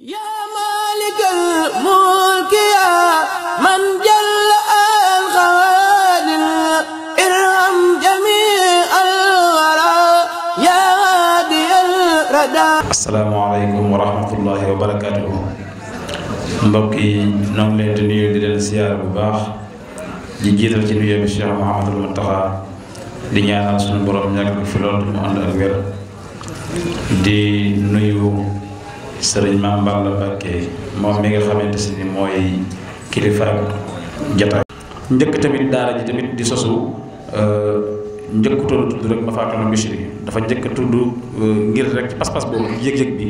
yaa maalikal mulki yaa man jalla al xawaadir jamii al yaa haadiyal radaa assalaamu aleykum wa wa barakaatuh mbokk yi leen di nuyu di leen siyaar bu baax di ci nuyoo bi Cheikh Mouhamadul Muntaxa di ñaanal suñu borom ñàkk fi mu ànd ak di nuyu sëriñ Maam Balla Mbacké moom mi nga xamante ni mooy kilifa jataay njëkk tamit daara ji tamit di sosu euh, njëkkutoon tudd rek Mafatihul Bichri dafa njëkk a tudd euh, ngir rek ci pas-pas boobu yëg-yëg bi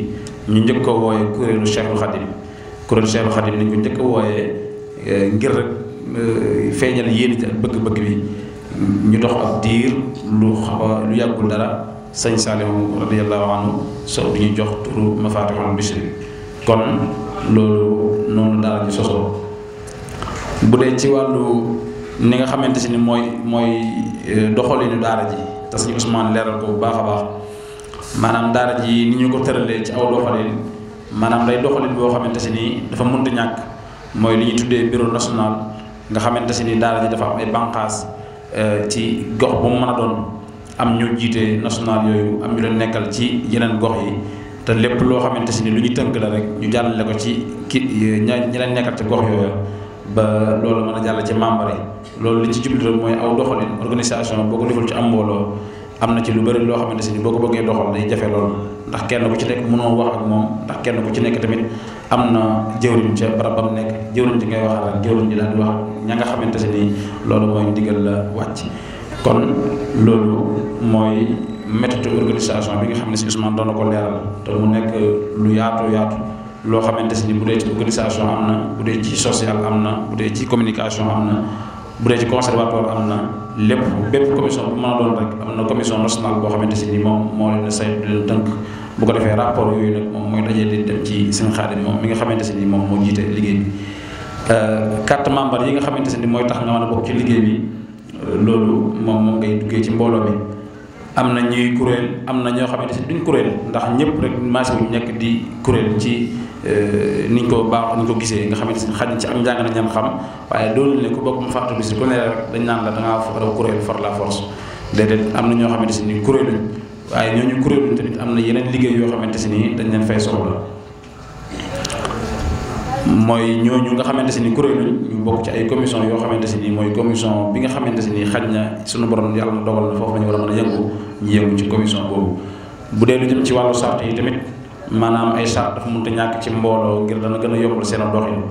ñu njëkk ko wooyee kuréelu Cheikhul Khadim kuréelu Cheikhul bi ni ñu njëkk a wooyee euh, ngir rek feeñal yéen ci ak bëgg-bëgg bi ñu dox ab diir lu xaw lu yàggul dara sëñ Saalihu radiyallahu anhu so du jox turu Mafatihul Bichri kon loolu noonu daal ñu sosoo bu dee ci wàllu ni nga xamante si ni mooy mooy e, doxalinu daara ji te sëñ Ousmane leeral ko bu baax a baax maanaam daara ji ni ñu ko tëralee ci aw doxalin maanaam day doxalin boo xamante si ni dafa mënta ñàkk mooy li ñu tuddee bureau national nga xamante si ni daara ji dafa am ay bànqaas e, ci gox bu mu mën a doon. am ñu jiite national yooyu am ñu leen nekkal ci yeneen gox yi te lépp loo xamante si ni lu ñu tënk la rek ñu jàllale ko ci ki ña ñi leen nekkal ci gox yooyu ba loolu mën a jàll ci membre yi loolu li ci jublu rek mooy aw doxalin organisation boo ko deful ci am mbooloo am na ci lu bëri loo xamante si ni boo ko bëggee doxal day jafe loolu ndax kenn ku ci nekk mënoo wax ak moom ndax kenn ku ci nekk tamit am na jëwriñ ca barab ba mu nekk jëwriñ ci ngay waxal jëwriñ ji daal di ña nga xamante si ni loolu mooy ndigal la wàcc kon loolu mooy méthode organisation bi nga xam ne si Ousmane doon na ko te mu nekk lu yaatu loo xamante si ni bu dee ci am na ci social am na bu ci communication am na bu am na lépp bépp commission bu a doon rek am na commission nationale boo xamante si ni moom moo leen say leen tënk bu rapport mooy dajee di dem ci seen moom mi nga xamante si ni moom moo jiite liggéey bi euh, carte membre yi nga xamante si ni mooy tax nga mën a bokk ci liggéey bi loolu moom moom ngay duggee ci mbooloo mi am na ñuy kuréel am na ñoo xamante ne duñ kuréel ndax ñëpp rek marché bu nekk di kuréel ci euh, niñ ko baax ñu ko gisee nga xamante ne xaj ci am njàng na ñam xam waaye doolu ne ku bokk mu fàttu bis ku dañ naan la da kuréel far la force déedéet am na ñoo xamante ne ni kuréeluñ waaye ñooñu kuréeluñ tamit am na yeneen liggéey yoo xamante ne nii dañ leen fay soxla mooy ñooñu nga xamante si ni kuréel ñu bokk ci ay commission yoo xamante si nii mooy commission bi nga xamante si ni xaj na suñu borom yàlla na dogal na foofu lañu war a mën a yëngu ñu yëngu ci commission bu dee lu ci wàllu sart yi tamit maanaam ay sart dafa mënta ñàkk ci mbooloo ngir dana gën a yombal seen doxin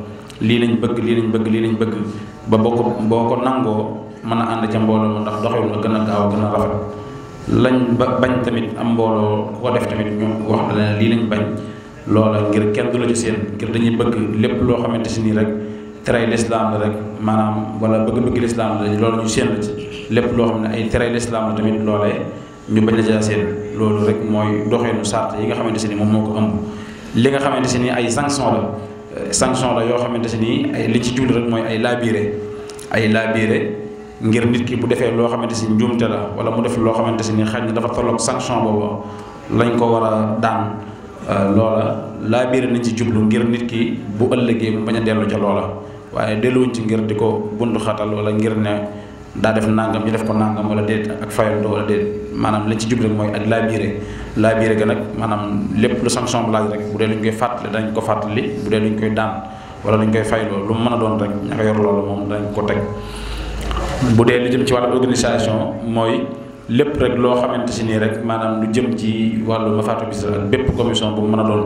lii lañ bëgg lii lañ bëgg lii lañ bëgg ba bokk ko boo ko nangoo mën a ànd ca mbooloo ma ndax doxin la gën a gaaw gën a rafet lañ ba bañ tamit am mbooloo ku ko def tamit ñu wax dana lii lañ bañ loola ngir kenn du la ci seen ngir dañuy bëgg lépp loo xamante si nii rek teray lislaam la rek maanaam wala bëgg-bëgg lislaam la loola ñu seen la ci lépp loo xam ne ay teray lislaam la tamit loolee ñu bañ la caa loolu rek mooy doxeenu sart yi nga xamante si ni moom moo ko ëmb li nga xamante si ni ay sanction la euh, sanction la yoo xamante si nii ay li ci jublu rek mooy ay labiré ay labiré ngir nit ki bu defee loo xamante si njuumte la wala mu def loo xamante si ni xaj na dafa tolloog sanction boobu lañ ko war a daan Euh, loola laa biir nañ ci jublu ngir nit ki bu ëllëgee mu bañ a dellu ca loola waaye delluwuñ ci ngir di ko buntu xatal wala ngir ne daa def nangam ñu def ko nangam wala déet ak fayando wala déet maanaam lañ ci jublu mooy ak laa biire laa biire ga nag maanaam lépp lu sanction bu laaj rek bu dee lu koy fàttali dañ ko fàttali bu dee lu koy daan wala lu koy fayloo lu mu mën a doon rek ña ko loola moom dañ ko teg bu dee lu ci wàllu organisation mooy lépp rek loo xamante si nii rek maanaam lu jëm ci wàllu mafaatu bisra ak bépp commission bu mu a doon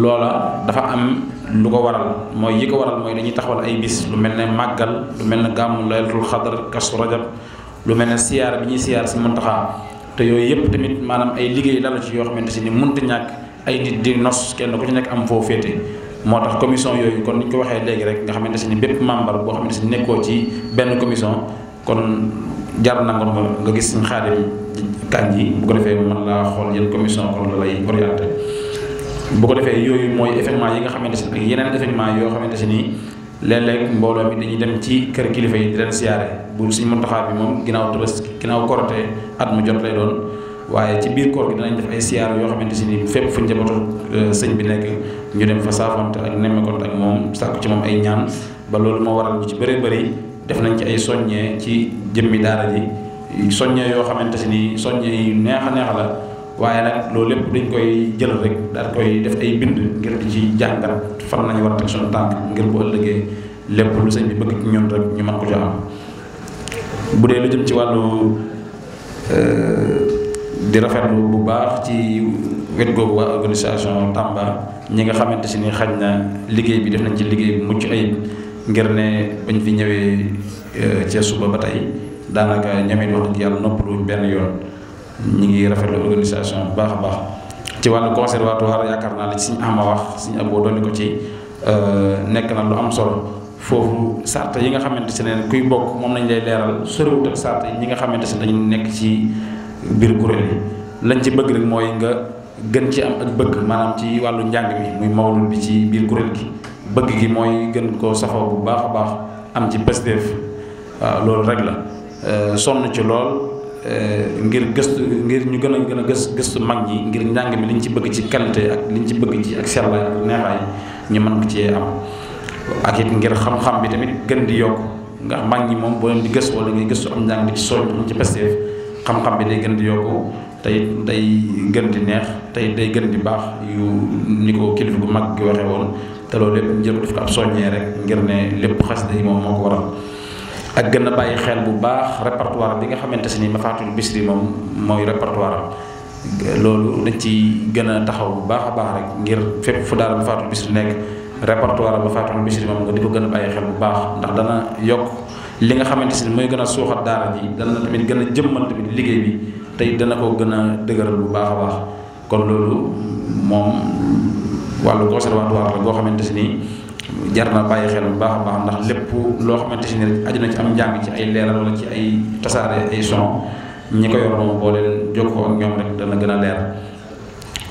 loola dafa am lu ko waral mooy yi ko waral mooy dañuy taxawal ay bis lu mel ne màggal lu mel ne gàmmu laylatul xadar kasu rajab lu mel ne siyaar bi ñuy siyaar si muntaxaa te yooyu yëpp tamit maanaam ay liggéey lalu ci yoo xamante si ni munta ñàkk ay nit di nos kenn ku ci nekk am foo féete moo tax commission yooyu kon ni ñu ko waxee léegi rek nga xamante si ni bépp membre boo xamante si nekkoo ci benn commission kon jar na nga nga gis suñu xaadim tànn yi bu ko defee mën laa xool yan commission kon la lay orienté bu ko defee yooyu mooy événement yi nga xamante ne ak yeneen événement yoo xamante ne nii léeg-léeg mbooloo mi dañuy dem ci kër kilifa yi di leen siyaare bu suñu muntaxaa bi moom ginnaaw Tabaski ginnaaw Korite at mu jot lay doon ci biir koor gi ay siyaar yoo xamante si ni fépp fu njabootu euh, sëñ bi nekk ñu dem fa saafante ak nemmekonte ak moom sàkku ci moom ay ñaan ba loolu moo waral ñu ci bëri bëri def nañ ci ay soññee ci jëmmi daara ji soññee yoo xamante si ni soññee yu neex a la waaye nag loolu lépp dañ koy jël rek daal koy def ay bind ngir di ci jàngat fan nañu war a teg suñu tànk ngir bu ëllëgee lépp lu sëñ bi bëgg ñoom ñun rek ñu mën ko jox bu dee lu jëm ci wàllu euh, di rafetlu bu baax ci wet googu waa organisation Tamba ñi nga xamante si ni xaj na liggéey bi def nañ ci liggéey bu mucc ay ngir ne bañ fi ñëwee euh, ca suba ba tey daanaka ñamit wax dëgg yàlla noppaluñ benn yoon ñu ngi rafetlu organisation bu baax a baax ci wàllu conservatoire yaakaar naa la ci suñu ama wax suñu aboo ko ci euh, nekk na lu am solo foofu sart yi nga xamante si ne kuy bokk moom lañ lay leeral soriwut ak sart yi ñi nga xamante si dañu nekk ci biir kuréel yi lañ ci bëgg rek mooy nga gën ci am ak bëgg maanaam ci wàllu njàng mi muy mawlul bi ci biir kuréel gi bëgg gi mooy gën koo safoo bu baax a baax am ci Pastef waaw loolu rek la euh, sonn ci lool euh, ngir gëstu ngir ñu gën a gën a gës gëstu mag ñi ngir njàng mi liñ ci bëgg ci qualité ak liñ ci bëgg ci ak sellaay ak neexaay ñu mën ko ci am ak it ngir xam bi tamit gën di yokk ndax mag ñi moom boo leen di gëstu wala ngay gëstu am njàng di ci sol ñu ci Pastef xam-xam bi day gën di yokku tey day gën di neex tey day gën di baax yu ni ko kilifa bu mag gi waxee woon te loolu lépp ñu jéem def ko ab soññee rek ngir ne lépp xasida yi moom moo ko waral ak gën a bàyyi xel bu baax répertoire li nga xamante si ni Mafaatihul Bichri moom mooy répertoire loolu dañ ci gën a taxaw bu baax a baax rek ngir fépp fu daara Mafaatihul Bichri nekk répertoire Mafaatihul Bichri moom nga di ko gën a bàyyi xel bu baax ndax dana yokk li nga xamante si ni mooy gën a suuxat daara ji dana tamit gën a jëmmal tamit liggéey bi tey dana ko gën a dëgëral bu baax a baax kon loolu moom wàllu conservatoire la goo xamante si nii jar na bàyyi xel bu baax a baax ndax lépp loo xamante si nii rek aju na ci am njàng ci ay leeral wala ci ay tasaare ay son ñi ko yor moom boo leen jokkoo ak ñoom rek dana gën a leer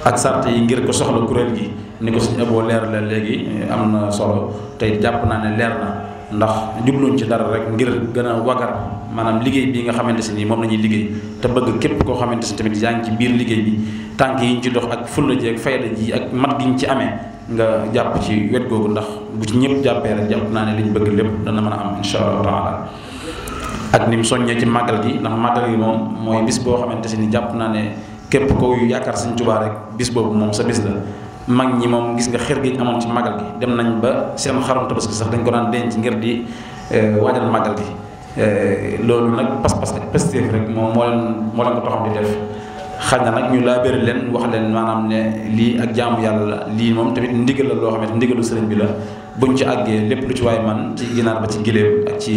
ak sart yi ngir ko soxla kuréel gi ni ko si aboo leer la léegi am na solo tey jàpp naa ne leer na ndax jubluñ ci dara rek ngir gën a wagar maanaam liggéey bi nga xamante si nii moom la ñuy liggéey te bëgg képp ko xamante si tamit yaa ngi ci biir liggéey bi tànk yi ñu ci dox ak fulla ji ak fayda ji ak mat gi ñu ci amee nga jàpp ci wet googu ndax bu ci ñëpp jàppee rek jàpp naa ne liñ bëgg lépp dana mën a am insha allahu taala ak ni mu soññee ci màggal gi ndax màggal gi moom mooy bis boo xamante si ni jàpp naa ne képp ko yu yaakaar Sëñ Tuubaa rek bis boobu moom sa bis la mag ñi moom gis nga xër gi ñu ci màggal gi dem nañ ba seen xarum tabaski sax dañ ko daan denc ngir di euh, waajal màggal gi euh, loolu nag pas-pas ak pëstéef rek moo leen moo leen ko taxam di def xaj na nag ñu laabéri leen wax leen maanaam ne lii ak jaamu yàlla la lii moom tamit ndigal la loo xam ne ndigalu sëriñ bi la buñ ci àggee lépp lu ci waay man ci ginaar ba ci giléem ci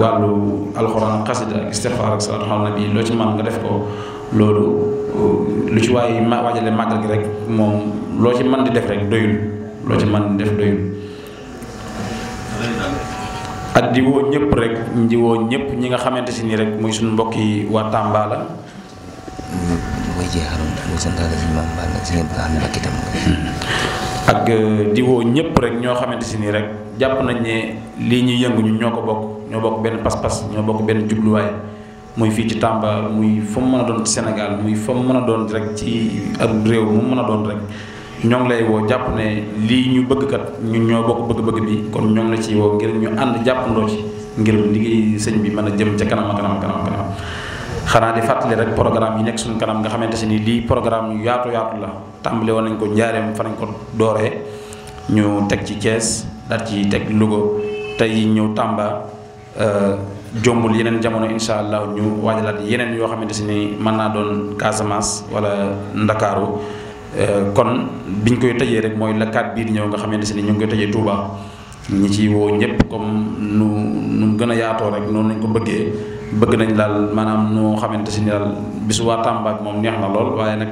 wàllu alxuraan xasida ak istixfaar ak salaatu loo ci man nga def ko loolu uh, lu ci waay waajale màggal gi rek moom loo ci man di def rek doyul loo ci man di def doyul ak di woo ñëpp rek di woo ñëpp ñi nga xamante si nii rek muy suñu mbokk yi waa Tamba la di santaale si ñëpp ak euh, di woo ñëpp rek ñoo xamante si nii rek jàpp nañ ne lii ñuy yëngu ñu ñoo ko bokk ñoo bokk benn pas-pas ñoo bokk benn jubluwaay muy fii ci Tamba muy fa mu mën a doon ci senegal muy fa mu mën a doon rek ci ab réew mu mën a doon rek ñoo ngi lay woo jàpp ne lii ñu bëgg kat ñun ñoo bokk bëgg-bëgg bi kon ñoo ngi la ciy woo ngir ñu ànd jàppandoo ci ngir liggéey sëñ bi mën a jëm ca kanam kanam kanam kanam. xanaa di fàttali rek programme yi nekk suñu kanam nga xamante si ni lii programme yu yaatu yaatu la tàmbali woon nañ ko njaareem fa nañ ko dooree ñu teg ci Thiès daal ci teg Louga tey ñëw Tamba euh, jombul yeneen jamono incha allah ñu waajalaat yeneen yoo xamante si nii mën naa doon Casamance wala Ndakaaru euh, kon biñ koy tëjee rek mooy la biir ñëw nga xamante si ni ñu ngi koy tëjee Touba ñi ci woo ñëpp comme nu nu gën a yaatoo rek noonu lañ ko bëggee. bëgg nañ daal maanaam noo xamante si ni daal bisu waa Tamba moom neex na lool waaye nag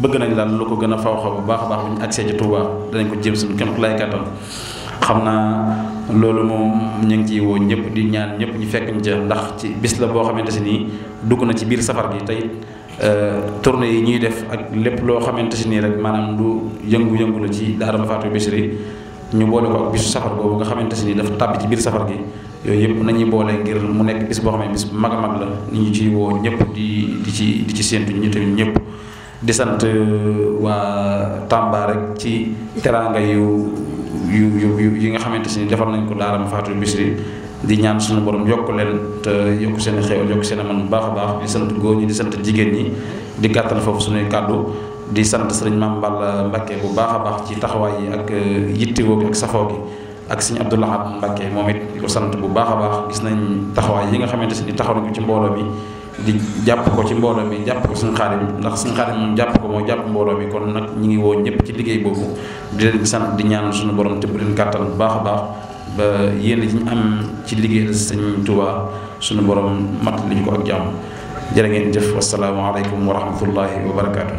bëgg nañ daal lu ko gën a faw xaw bu baax a baax bu ñu agsee ci Touba ko jéem suñu kenn ku lay xam naa loolu moom ñu ngi ciy woo ñëpp di ñaan ñëpp ñu fekk ñu ca ndax ci bis la boo xamante si nii dugg na ci biir safar gi tey euh, tournée yi ñuy def ak lépp loo xamante si nii rek maanaam du yëngu-yëngu la ci daara Mafaatihul Bichri ñu boole ko ak bisu safar nga xamante si nii dafa tàbbi ci biir safar gi yooyu yëpp nañuy boole ngir mu nekk bis boo xam ne bis bu mag a mag la ni ñu ciy woo ñëpp di di ci di ci séentu ñu tamit ñëpp di sant euh, waa Tamba rek ci teraanga yu yu yu yi nga xamante si ni defal nañ ko daara Mafaatihul Bichri di ñaan suñu borom yokk leen te yokk seen xew yokk seen man bu baax a baax di sant góor ñi di sant jigéen ñi di gàttal foofu suñuy kàddu di sant sëriñ Mame Balla bu baax a baax ci taxawaay yi ak euh, yittewoo gi ak safoo gi ak sëñ Abdou Lahad Mbacké moom it di ko sant bu baax a baax gis nañ taxawaay yi nga xamante ni taxaw na ko ci mbooloo mi di jàpp ko ci mbooloo mi jàpp ko suñu xaadim ndax suñu xaadim moom jàpp ko moo jàpp mbooloo mi kon nag ñi ngi woo ñëpp ci liggéey boobu di di ñaan suñu boroom te bu leen kàttan bu baax a baax ba yéen ci ñu am ci liggéeyal sëñ Touba suñu boroom mat li ko ak jàmm jërë ngeen jëf wasalaamaaleykum wa rahmatullahi wa barakaatu.